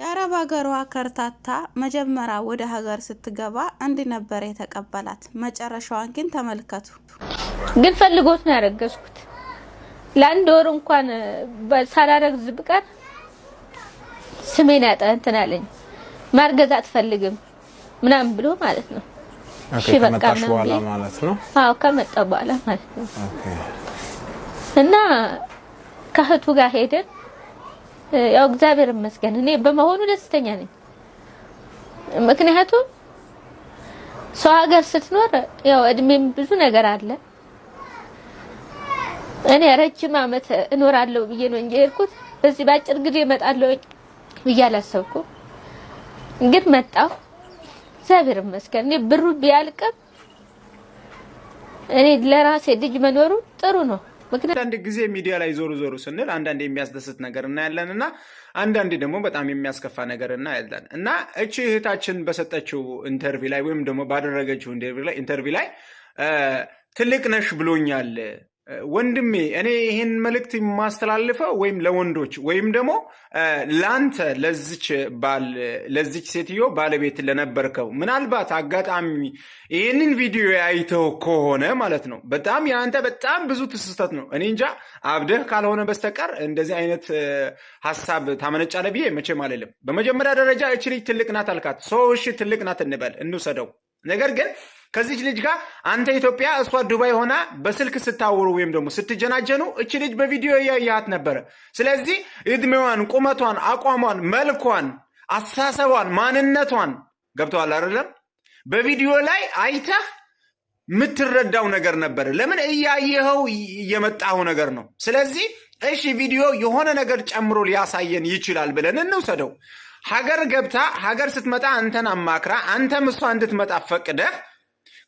የአረብ ሀገሯ ከርታታ መጀመሪያ ወደ ሀገር ስትገባ እንዲህ ነበር የተቀበላት። መጨረሻዋን ግን ተመልከቱ። ግን ፈልጎት ነው ያረገዝኩት። ለአንድ ወር እንኳን ሳላረግዝ ብቀር ስሜን ያጠ እንትን አለኝ። ማርገዝ አትፈልግም ምናምን ብሎ ማለት ነው። ማለት ነው። አዎ ከመጣ በኋላ ማለት ነው። እና ከእህቱ ጋር ሄደን ያው እግዚአብሔር ይመስገን እኔ በመሆኑ ደስተኛ ነኝ። ምክንያቱም ሰው ሀገር ስትኖር ያው እድሜም ብዙ ነገር አለ። እኔ ረጅም ዓመት እኖራለሁ ብዬ ነው እንጂ የሄድኩት በዚህ በአጭር ጊዜ እመጣለሁ ብዬ አላሰብኩም። ግን መጣሁ፣ እግዚአብሔር ይመስገን። እኔ ብሩ ቢያልቅም እኔ ለራሴ ልጅ መኖሩ ጥሩ ነው። አንዳንድ ጊዜ ሚዲያ ላይ ዞሩ ዞሩ ስንል አንዳንድ የሚያስደስት ነገር እናያለን እና አንዳንድ ደግሞ በጣም የሚያስከፋ ነገር እናያለን እና እቺ እህታችን በሰጠችው ኢንተርቪው ላይ ወይም ደግሞ ባደረገችው ኢንተርቪው ላይ ትልቅ ነሽ ብሎኛል ወንድሜ እኔ ይህን መልእክት የማስተላልፈው ወይም ለወንዶች ወይም ደግሞ ለአንተ ለዚች ባል ለዚች ሴትዮ ባለቤት ለነበርከው ምናልባት አጋጣሚ ይህንን ቪዲዮ ያይተው ከሆነ ማለት ነው። በጣም የአንተ በጣም ብዙ ትስስተት ነው። እኔ እንጃ አብደህ ካልሆነ በስተቀር እንደዚህ አይነት ሀሳብ ታመነጫለ ብዬ መቼም አልልም። በመጀመሪያ ደረጃ እች ልጅ ትልቅ ናት አልካት። ሰው እሺ፣ ትልቅ ናት እንበል እንውሰደው። ነገር ግን ከዚች ልጅ ጋር አንተ ኢትዮጵያ እሷ ዱባይ ሆና በስልክ ስታወሩ ወይም ደግሞ ስትጀናጀኑ እች ልጅ በቪዲዮ እያያት ነበረ። ስለዚህ እድሜዋን፣ ቁመቷን፣ አቋሟን፣ መልኳን፣ አስተሳሰቧን፣ ማንነቷን ገብተዋል አይደለም? በቪዲዮ ላይ አይተህ የምትረዳው ነገር ነበር። ለምን እያየኸው እየመጣው ነገር ነው። ስለዚህ እሺ ቪዲዮ የሆነ ነገር ጨምሮ ሊያሳየን ይችላል ብለን እንውሰደው። ሀገር ገብታ ሀገር ስትመጣ አንተን አማክራ አንተም እሷ እንድትመጣ ፈቅደህ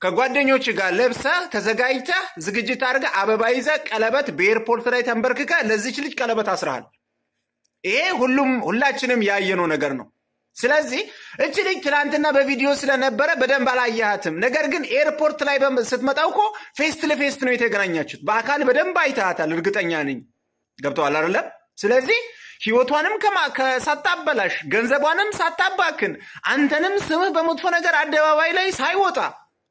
ከጓደኞች ጋር ለብሰ ተዘጋጅተ ዝግጅት አድርገ አበባ ይዘ ቀለበት በኤርፖርት ላይ ተንበርክከ ለዚች ልጅ ቀለበት አስረሃል። ይሄ ሁሉም ሁላችንም ያየነው ነገር ነው። ስለዚህ እች ልጅ ትናንትና በቪዲዮ ስለነበረ በደንብ አላየሃትም። ነገር ግን ኤርፖርት ላይ ስትመጣ እኮ ፌስት ለፌስት ነው የተገናኛችሁት። በአካል በደንብ አይተሃታል፣ እርግጠኛ ነኝ። ገብተዋል አይደለም? ስለዚህ ህይወቷንም ሳታበላሽ ገንዘቧንም ሳታባክን አንተንም ስምህ በመጥፎ ነገር አደባባይ ላይ ሳይወጣ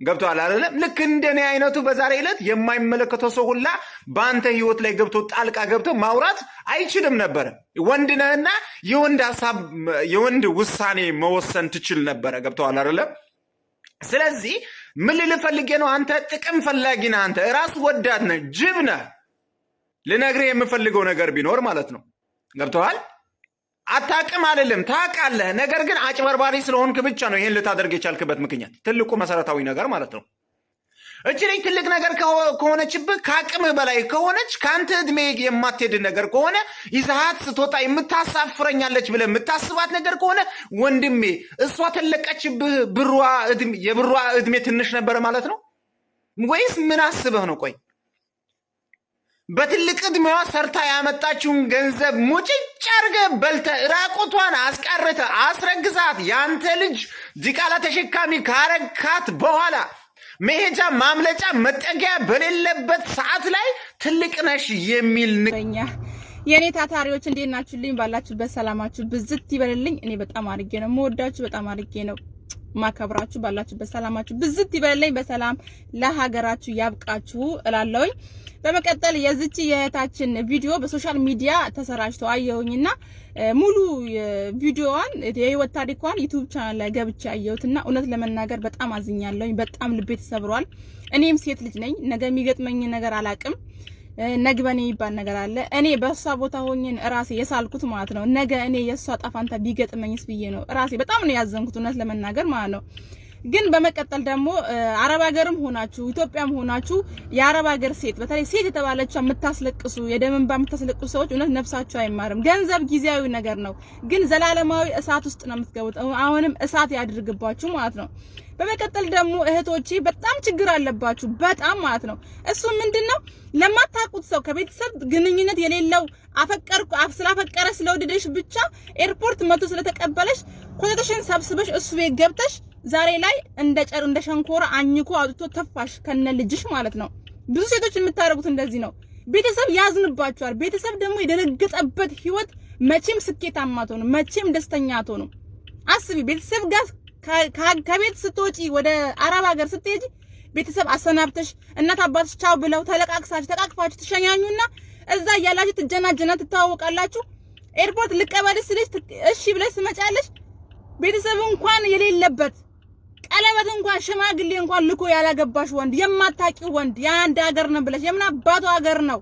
ገብተዋል አይደለም? ልክ እንደኔ አይነቱ በዛሬ ዕለት የማይመለከተው ሰው ሁላ በአንተ ህይወት ላይ ገብቶ ጣልቃ ገብቶ ማውራት አይችልም ነበረ። ወንድ ነህና የወንድ ሀሳብ የወንድ ውሳኔ መወሰን ትችል ነበረ። ገብተዋል አይደለም? ስለዚህ ምን ልልህ ፈልጌ ነው? አንተ ጥቅም ፈላጊ ነህ። አንተ ራስ ወዳድ ነህ፣ ጅብ ነህ። ልነግርህ የምፈልገው ነገር ቢኖር ማለት ነው ገብተዋል አታቅም አይደለም ታውቃለህ። ነገር ግን አጭበርባሪ ስለሆንክ ብቻ ነው ይህን ልታደርግ የቻልክበት ምክንያት ትልቁ መሰረታዊ ነገር ማለት ነው። እች ልጅ ትልቅ ነገር ከሆነችብህ ከአቅምህ በላይ ከሆነች ከአንተ እድሜ የማትሄድ ነገር ከሆነ ይዛሀት ስትወጣ የምታሳፍረኛለች ብለህ የምታስባት ነገር ከሆነ ወንድሜ፣ እሷ ተለቀችብህ። የብሯ እድሜ ትንሽ ነበር ማለት ነው ወይስ ምን አስበህ ነው? ቆይ በትልቅ እድሜዋ ሰርታ ያመጣችውን ገንዘብ ሙጭጭ አርገ በልተ ራቁቷን አስቀርተ አስረግዛት ያንተ ልጅ ዲቃላ ተሸካሚ ካረካት በኋላ መሄጃ ማምለጫ መጠጊያ በሌለበት ሰዓት ላይ ትልቅ ነሽ የሚል ንኛ የእኔ ታታሪዎች እንዴት ናችሁልኝ? ባላችሁበት ሰላማችሁ ብዝት ይበልልኝ። እኔ በጣም አርጌ ነው መወዳችሁ፣ በጣም አርጌ ነው ማከብራችሁ ባላችሁበት ሰላማችሁ ብዝት ይበልልኝ። በሰላም ለሀገራችሁ ያብቃችሁ እላለሁኝ። በመቀጠል የዚች የእህታችን ቪዲዮ በሶሻል ሚዲያ ተሰራጭቶ አየሁኝና ሙሉ ቪዲዮዋን የህይወት ታሪኳን ዩቲዩብ ቻናል ላይ ገብቼ አየሁትና እውነት ለመናገር በጣም አዝኛለሁኝ። በጣም ልቤ ተሰብሯል። እኔም ሴት ልጅ ነኝ። ነገ የሚገጥመኝ ነገር አላቅም። ነግበኔ ይባል ነገር አለ። እኔ በእሷ ቦታ ሆኝን ራሴ የሳልኩት ማለት ነው። ነገ እኔ የእሷ ጣፋንታ ቢገጥመኝስ ብዬ ነው ራሴ በጣም ነው ያዘንኩት፣ እውነት ለመናገር ማለት ነው። ግን በመቀጠል ደግሞ አረብ ሀገርም ሆናችሁ ኢትዮጵያም ሆናችሁ የአረብ ሀገር ሴት በተለይ ሴት የተባለች የምታስለቅሱ የደም እንባ የምታስለቅሱ ሰዎች እውነት ነፍሳችሁ አይማርም። ገንዘብ ጊዜያዊ ነገር ነው፣ ግን ዘላለማዊ እሳት ውስጥ ነው የምትገቡት። አሁንም እሳት ያድርግባችሁ ማለት ነው። በመቀጠል ደግሞ እህቶቼ በጣም ችግር አለባችሁ፣ በጣም ማለት ነው። እሱ ምንድነው ለማታውቁት ሰው ከቤተሰብ ግንኙነት የሌለው አፈቀርኩ ስላፈቀረ ስለወደደሽ ብቻ ኤርፖርት መቶ ስለተቀበለሽ ኮተተሽን ሰብስበሽ እሱ ቤት ገብተሽ ዛሬ ላይ እንደ ጨር እንደ ሸንኮራ አኝኮ አውጥቶ ተፋሽ ከነ ልጅሽ ማለት ነው። ብዙ ሴቶች የምታደርጉት እንደዚህ ነው። ቤተሰብ ያዝንባቸዋል። ቤተሰብ ደግሞ የደነገጠበት ህይወት መቼም ስኬታማ አትሆኑም፣ መቼም ደስተኛ አትሆኑም። አስቢ ቤተሰብ ጋር ከቤት ስትወጪ ወደ አረብ ሀገር ስትሄጂ ቤተሰብ አሰናብተሽ እናት አባትሽ ቻው ብለው ተለቃቅሳችሁ ተቃቅፋችሁ ትሸኛኙና እዛ እያላችሁ ትጀናጀና ትተዋወቃላችሁ። ኤርፖርት ልቀበልሽ ስልሽ እሺ ብለሽ ትመጫለሽ። ቤተሰብ እንኳን የሌለበት ቀለበት እንኳን ሽማግሌ እንኳን ልኮ ያላገባሽ ወንድ የማታውቂው ወንድ የአንድ ሀገር ነው ብለሽ የምን አባቱ ሀገር ነው?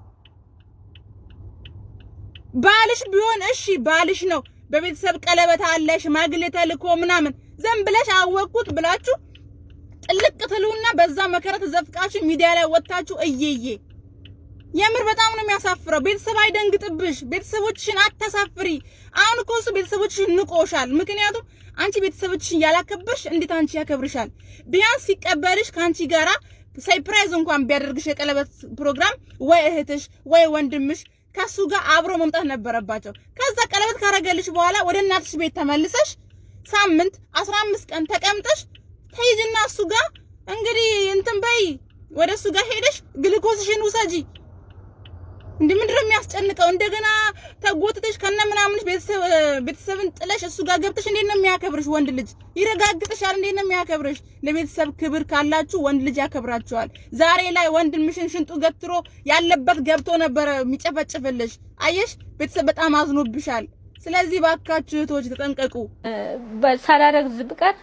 ባልሽ ቢሆን እሺ ባልሽ ነው። በቤተሰብ ቀለበት አለ ሽማግሌ ተልኮ ምናምን ዘም ብለሽ አወቅኩት ብላችሁ ጥልቅ ትሉና በዛ መከረት ዘፍቃችሁ ሚዲያ ላይ ወጣችሁ እየዬ የምር በጣም ነው የሚያሳፍረው። ቤተሰብ አይደንግጥብሽ፣ ቤተሰቦችሽን አታሳፍሪ። አሁን እኮ እሱ ቤተሰቦችሽን ንቆሻል። ምክንያቱም አንቺ ቤተሰቦችሽን ያላከበርሽ እንዴት አንቺ ያከብርሻል? ቢያንስ ሲቀበልሽ ከአንቺ ጋራ ሰርፕራይዝ እንኳን ቢያደርግሽ የቀለበት ፕሮግራም ወይ እህትሽ ወይ ወንድምሽ ከሱ ጋር አብሮ መምጣት ነበረባቸው። ከዛ ቀለበት ካረገልሽ በኋላ ወደ እናትሽ ቤት ተመልሰሽ ሳምንት 15 ቀን ተቀምጠሽ ተይዝና እሱ ጋር እንግዲህ እንትን በይ ወደ እሱ ጋር ሄደሽ ግልኮስሽን ውሰጂ። እንደ ምንድን የሚያስጨንቀው? እንደገና ተጎትተሽ ከነ ምናምንሽ ቤተሰብን ጥለሽ እሱ ጋር ገብተሽ እንዴት ነው የሚያከብርሽ? ወንድ ልጅ ይረጋግጥሻል። እንዴት ነው የሚያከብርሽ? ለቤተሰብ ክብር ካላችሁ ወንድ ልጅ ያከብራችኋል። ዛሬ ላይ ወንድምሽን ሽንጡ ገትሮ ያለበት ገብቶ ነበረ የሚጨፈጭፍልሽ። አየሽ፣ ቤተሰብ በጣም አዝኖብሻል። ስለዚህ ባካችሁ እህቶች ተጠንቀቁ። ሳላረግዝ ብቀር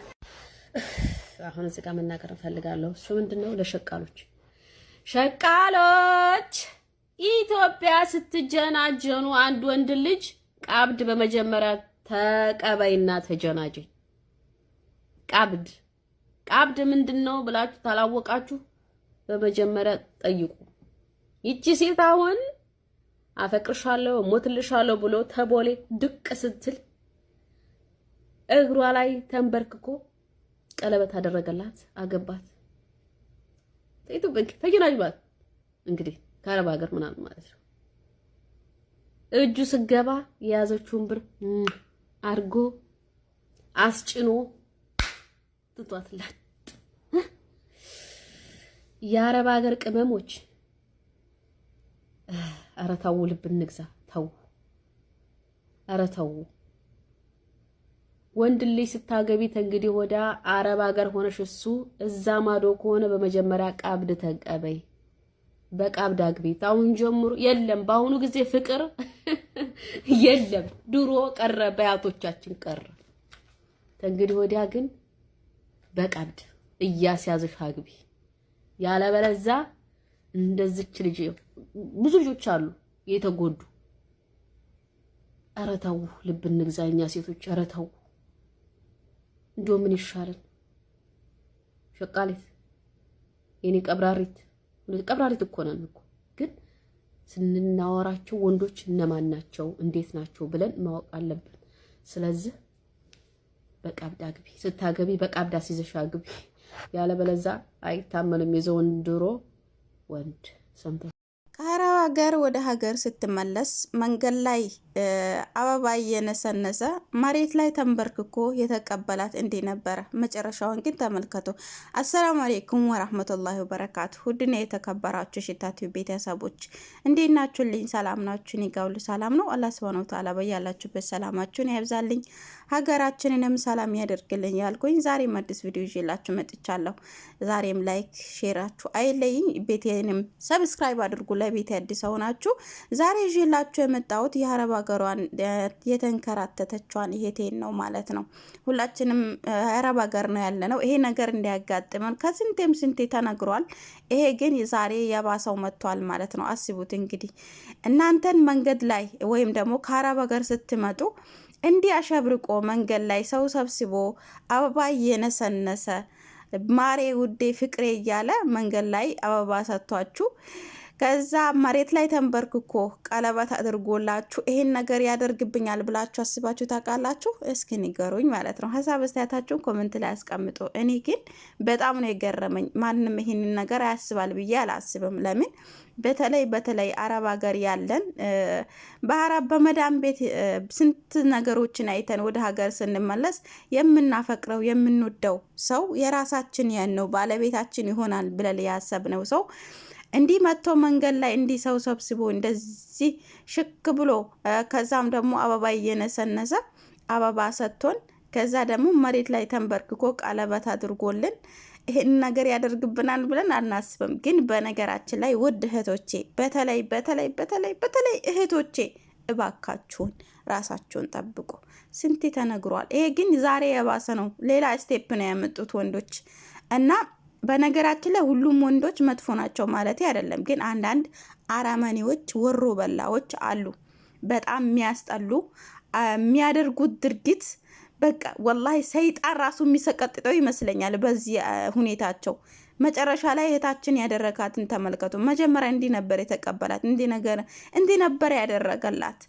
አሁን እዚህ ጋር መናገር እንፈልጋለሁ። እሱ ምንድነው ለሸቃሎች ሸቃሎች ኢትዮጵያ ስትጀናጀኑ አንድ ወንድ ልጅ ቀብድ በመጀመሪያ ተቀበይና ተጀናጀኝ። ቀብድ ቀብድ ምንድን ነው ብላችሁ ታላወቃችሁ በመጀመሪያ ጠይቁ። ይቺ ሴት አሁን አፈቅርሻለሁ ሞትልሻለሁ ብሎ ተቦሌ ድቅ ስትል እግሯ ላይ ተንበርክኮ ቀለበት አደረገላት፣ አገባት። ተገናኝባት እንግዲህ ከአረብ ሀገር ምናምን ማለት ነው። እጁ ስገባ የያዘችውን ብር አድርጎ አስጭኖ ትቷትላት። የአረብ ሀገር ቅመሞች ኧረ ተው ልብ እንግዛ ተው ኧረ ተው ወንድ ልጅ ስታገቢ ተንግዲህ ወዳ አረብ ሀገር ሆነሽ እሱ እዛ ማዶ ከሆነ በመጀመሪያ ቀብድ ተቀበይ በቀብድ አግቢ አሁን ጀምሮ የለም በአሁኑ ጊዜ ፍቅር የለም ድሮ ቀረ በአያቶቻችን ቀረ ተንግዲህ ወዲያ ግን በቀብድ እያስያዝሽ አግቢ ያለበለዛ እንደዚች ልጅ ብዙ ልጆች አሉ የተጎዱ። ኧረ ተው ልብ እንግዛ እኛ ሴቶች፣ ኧረ ተው ምን ይሻለን? ሸቃሌት የኔ ቀብራሪት ቀብራሪት እኮ ነን እኮ ግን ስንናወራቸው ወንዶች እነማን ናቸው እንዴት ናቸው ብለን ማወቅ አለብን። ስለዚህ በቃብዳ ግቢ ስታገቢ በቃብዳ ሲዘሻ ግቢ ያለበለዛ አይታመንም። የዘወንድሮ ወንድ ሰምተ Cara ከሀገር ወደ ሀገር ስትመለስ መንገድ ላይ አበባ እየነሰነሰ መሬት ላይ ተንበርክኮ የተቀበላት እንዲህ ነበረ። መጨረሻውን ግን ተመልከቱ። አሰላሙ አሌይኩም ወራህመቱላሂ ወበረካቱ። ሁድና የተከበራችሁ ሽታቲው ቤተሰቦች እንዴት ናችሁልኝ? ሰላም ናችሁን? ይጋውል ሰላም ነው። አላህ ሱብሃነሁ ወተዓላ በያላችሁበት ሰላማችሁን ያብዛልኝ፣ ሀገራችንንም ሰላም ያደርግልኝ ያልኩኝ ዛሬም አዲስ ቪዲዮ ይዤላችሁ መጥቻለሁ። ዛሬም ላይክ ሼራችሁ አይለይኝ፣ ቤቴንም ሰብስክራይብ አድርጉ። ለቤቴ አዲስ ሰው ናችሁ። ዛሬ ይዤላችሁ የመጣሁት የአረብ ሀገሯን የተንከራተተቿን ይሄቴን ነው ማለት ነው። ሁላችንም አረብ ሀገር ነው ያለ ነው። ይሄ ነገር እንዲያጋጥመን ከስንቴም ስንቴ ተነግሯል። ይሄ ግን ዛሬ የባሰው መጥቷል ማለት ነው። አስቡት እንግዲህ እናንተን መንገድ ላይ ወይም ደግሞ ከአረብ ሀገር ስትመጡ እንዲህ አሸብርቆ መንገድ ላይ ሰው ሰብስቦ አበባ እየነሰነሰ ማሬ ውዴ ፍቅሬ እያለ መንገድ ላይ አበባ ሰጥቷችሁ ከዛ መሬት ላይ ተንበርክኮ ቀለበት አድርጎላችሁ ይሄን ነገር ያደርግብኛል ብላችሁ አስባችሁ ታውቃላችሁ? እስኪ ንገሩኝ ማለት ነው። ሀሳብ አስተያየታችሁን ኮመንት ላይ አስቀምጡ። እኔ ግን በጣም ነው የገረመኝ። ማንም ይሄንን ነገር አያስባል ብዬ አላስብም። ለምን በተለይ በተለይ አረብ ሀገር ያለን በአረብ በመዳም ቤት ስንት ነገሮችን አይተን ወደ ሀገር ስንመለስ የምናፈቅረው የምንወደው ሰው የራሳችን ያን ነው ባለቤታችን ይሆናል ብለን ያሰብነው ሰው እንዲህ መጥቶ መንገድ ላይ እንዲህ ሰው ሰብስቦ እንደዚህ ሽክ ብሎ ከዛም ደግሞ አበባ እየነሰነሰ አበባ ሰጥቶን ከዛ ደግሞ መሬት ላይ ተንበርክኮ ቀለበት አድርጎልን ይህን ነገር ያደርግብናል ብለን አናስብም። ግን በነገራችን ላይ ውድ እህቶቼ፣ በተለይ በተለይ በተለይ በተለይ እህቶቼ እባካችሁን ራሳችሁን ጠብቁ። ስንት ተነግሯል። ይሄ ግን ዛሬ የባሰ ነው። ሌላ ስቴፕ ነው ያመጡት ወንዶች እና በነገራችን ላይ ሁሉም ወንዶች መጥፎ ናቸው ማለት አይደለም፣ ግን አንዳንድ አረመኔዎች፣ ወሮ በላዎች አሉ። በጣም የሚያስጠሉ የሚያደርጉት ድርጊት በቃ ወላሂ ሰይጣን ራሱ የሚሰቀጥጠው ይመስለኛል በዚህ ሁኔታቸው። መጨረሻ ላይ እህታችን ያደረጋትን ተመልከቱ። መጀመሪያ እንዲህ ነበር የተቀበላት፣ እንዲህ ነገር እንዲህ ነበር ያደረገላት።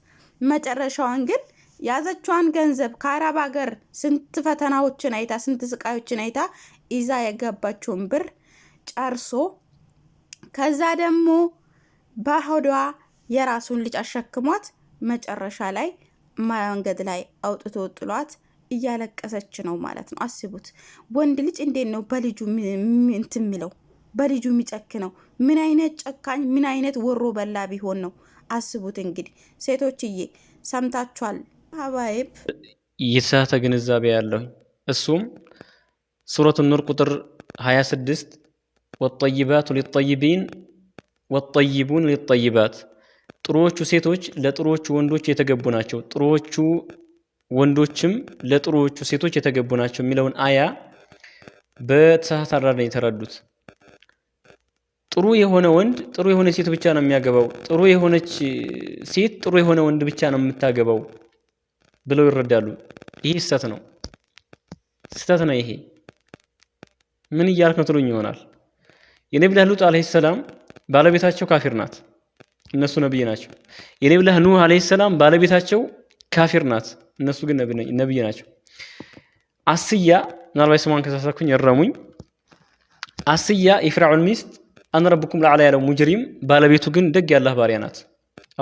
መጨረሻዋን ግን ያዘቿን ገንዘብ ከአረብ ሀገር ስንት ፈተናዎችን አይታ ስንት ስቃዮችን አይታ ይዛ የገባችውን ብር ጨርሶ ከዛ ደግሞ በሆዷ የራሱን ልጅ አሸክሟት መጨረሻ ላይ መንገድ ላይ አውጥቶ ጥሏት እያለቀሰች ነው ማለት ነው። አስቡት፣ ወንድ ልጅ እንዴት ነው በልጁ እንትን የሚለው በልጁ የሚጨክነው? ምን አይነት ጨካኝ፣ ምን አይነት ወሮ በላ ቢሆን ነው? አስቡት እንግዲህ ሴቶችዬ ሰምታችኋል። ሀባይብ የተሳተ ግንዛቤ ያለሁ እሱም ሱረቱ ኑር ቁጥር 26 ወጠይባቱ ሊጠይቢን ወጠይቡን ሊጠይባት ጥሩዎቹ ሴቶች ለጥሩዎቹ ወንዶች የተገቡ ናቸው፣ ጥሩዎቹ ወንዶችም ለጥሩዎቹ ሴቶች የተገቡ ናቸው የሚለውን አያ በተሳሳተ አረዳድ ነው የተረዱት። ጥሩ የሆነ ወንድ ጥሩ የሆነ ሴት ብቻ ነው የሚያገባው። ጥሩ የሆነች ሴት ጥሩ የሆነ ወንድ ብቻ ነው የምታገባው ብለው ይረዳሉ። ይህ ስህተት ነው፣ ስህተት ነው። ይሄ ምን እያልክ ነው ትሉኝ ይሆናል። የነቢላህ ሉጥ አለይሂ ሰላም ባለቤታቸው ካፊር ናት፣ እነሱ ነብይ ናቸው። የነቢላህ ኑህ አለይሂ ሰላም ባለቤታቸው ካፊር ናት፣ እነሱ ግን ነብይ ናቸው። አስያ ምናልባት ስሟን ከሳሳኩኝ እረሙኝ። አስያ የፍርዓውን ሚስት አነ ረብኩም ለዓላ ያለው ሙጅሪም ባለቤቱ ግን ደግ ያላህ ባሪያ ናት።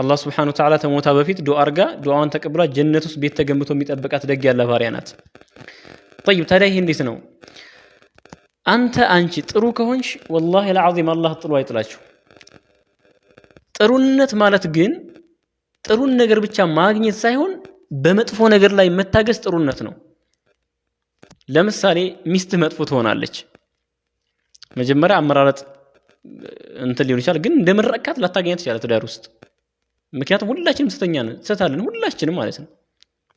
አላህ ስብሓነ ወተዓላ ተሞታ በፊት ዱዓ አርጋ ዱዓዋን ተቀብላ ጀነት ውስጥ ቤት ተገንብቶ የሚጠብቃት ደግ ያለ ባሪያ ናት። ጠይብ ታዲያ ይህ እንዴት ነው? አንተ አንቺ ጥሩ ከሆንሽ ወላሂ ለዓዚም አላህ ጥሎ አይጥላችሁ። ጥሩነት ማለት ግን ጥሩን ነገር ብቻ ማግኘት ሳይሆን በመጥፎ ነገር ላይ መታገስ ጥሩነት ነው። ለምሳሌ ሚስት መጥፎ ትሆናለች። መጀመሪያ አመራረጥ እንትን ሊሆን ይችላል፣ ግን እንደመረቃት ላታገኘት ይችላል ትዳር ውስጥ ምክንያቱም ሁላችንም ስተኛ ነን፣ ስተታለን ሁላችንም ማለት ነው።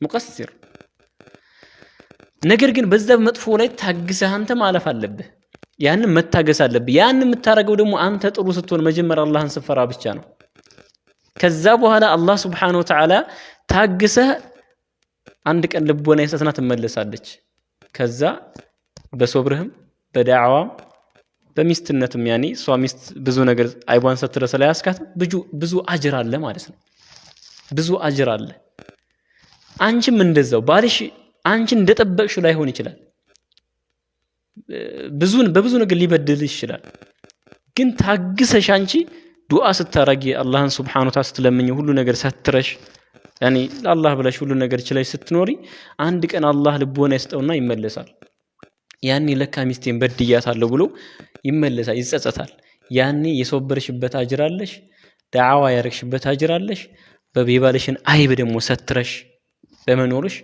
ሙቀሲር ነገር ግን በዛ መጥፎ ላይ ታግሰህ አንተ ማለፍ አለብህ። ያንን መታገስ አለብህ። ያን የምታደርገው ደግሞ አንተ ጥሩ ስትሆን መጀመር አላህን ስፈራ ብቻ ነው። ከዛ በኋላ አላህ ስብሓነሁ ወተዓላ ታግሰህ አንድ ቀን ልቦና የሰትና ትመለሳለች። ከዛ በሶብርህም በዳዕዋም በሚስትነትም ያኔ እሷ ሚስት ብዙ ነገር አይቧን ሰትረ ላይ ያስካትም ብዙ አጅር አለ ማለት ነው። ብዙ አጅር አለ። አንቺም እንደዛው ባልሽ አንቺን እንደጠበቅሽው ላይሆን ይችላል። ብዙን በብዙ ነገር ሊበድል ይችላል። ግን ታግሰሽ አንቺ ዱዓ ስታረጊ አላህን ስብሓነ ታ ስትለምኝ ሁሉ ነገር ሰትረሽ ያኔ ለአላህ ብለሽ ሁሉ ነገር ችለሽ ስትኖሪ አንድ ቀን አላህ ልቦና ይስጠውና ይመለሳል። ያኔ ለካ ሚስቴን በድያታለሁ ብሎ ይመለሳል፣ ይጸጸታል። ያኔ የሰበርሽበት አጅር አለሽ፣ ዳዕዋ ያረግሽበት አጅር አለሽ። በቤባልሽን አይብ ደግሞ ሰትረሽ በመኖርሽ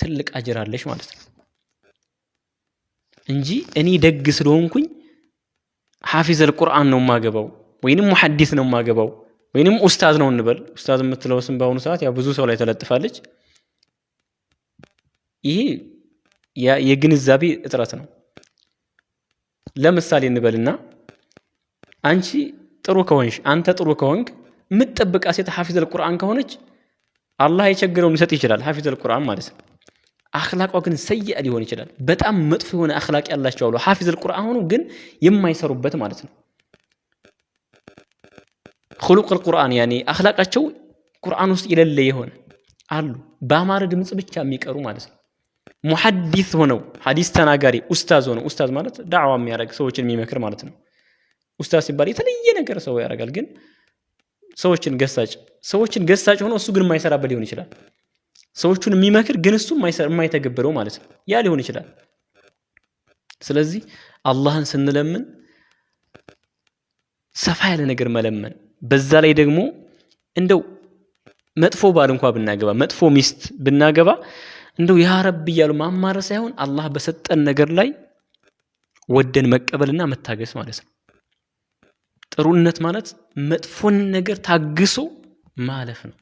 ትልቅ አጅር አለሽ ማለት ነው እንጂ እኔ ደግ ስለሆንኩኝ ሐፊዘል ቁርአን ነው የማገባው ወይንም ሙሐዲስ ነው የማገባው ወይንም ኡስታዝ ነው እንበል። ኡስታዝ የምትለው ስም በአሁኑ ሰዓት ያው ብዙ ሰው ላይ ተለጥፋለች። ይሄ የግንዛቤ እጥረት ነው። ለምሳሌ እንበልና አንቺ ጥሩ ከሆንሽ አንተ ጥሩ ከሆንክ የምትጠብቃ ሴት ሐፊዘል ቁርአን ከሆነች አላህ የቸገረውን ሊሰጥ ይችላል። ሐፊዘል ቁርአን ማለት ነው። አክላቋ ግን ሰይአ ሊሆን ይችላል። በጣም መጥፎ የሆነ አክላቅ ያላቸው አሉ ሐፊዘል ቁርአን ሆኑ ግን የማይሰሩበት ማለት ነው። ሁሉቅል ቁርአን ያኔ አክላቃቸው ቁርአን ውስጥ የሌለ የሆነ አሉ በአማረ ድምፅ ብቻ የሚቀሩ ማለት ነው። ሙሐዲስ ሆነው ሐዲስ ተናጋሪ ኡስታዝ ሆነው ኡስታዝ ማለት ዳዕዋ የሚያደርግ ሰዎችን የሚመክር ማለት ነው። ኡስታዝ ሲባል የተለየ ነገር ሰው ያደርጋል፣ ግን ሰዎችን ገሳጭ ሰዎችን ገሳጭ ሆኖ እሱ ግን የማይሰራበት ሊሆን ይችላል። ሰዎቹን የሚመክር ግን እሱ የማይተገብረው ማለት ነው። ያ ሊሆን ይችላል። ስለዚህ አላህን ስንለምን ሰፋ ያለ ነገር መለመን፣ በዛ ላይ ደግሞ እንደው መጥፎ ባል እንኳ ብናገባ መጥፎ ሚስት ብናገባ እንደው ያ ረብ እያሉ ማማረ ሳይሆን አላህ በሰጠን ነገር ላይ ወደን መቀበልና መታገስ ማለት ነው። ጥሩነት ማለት መጥፎን ነገር ታግሶ ማለፍ ነው።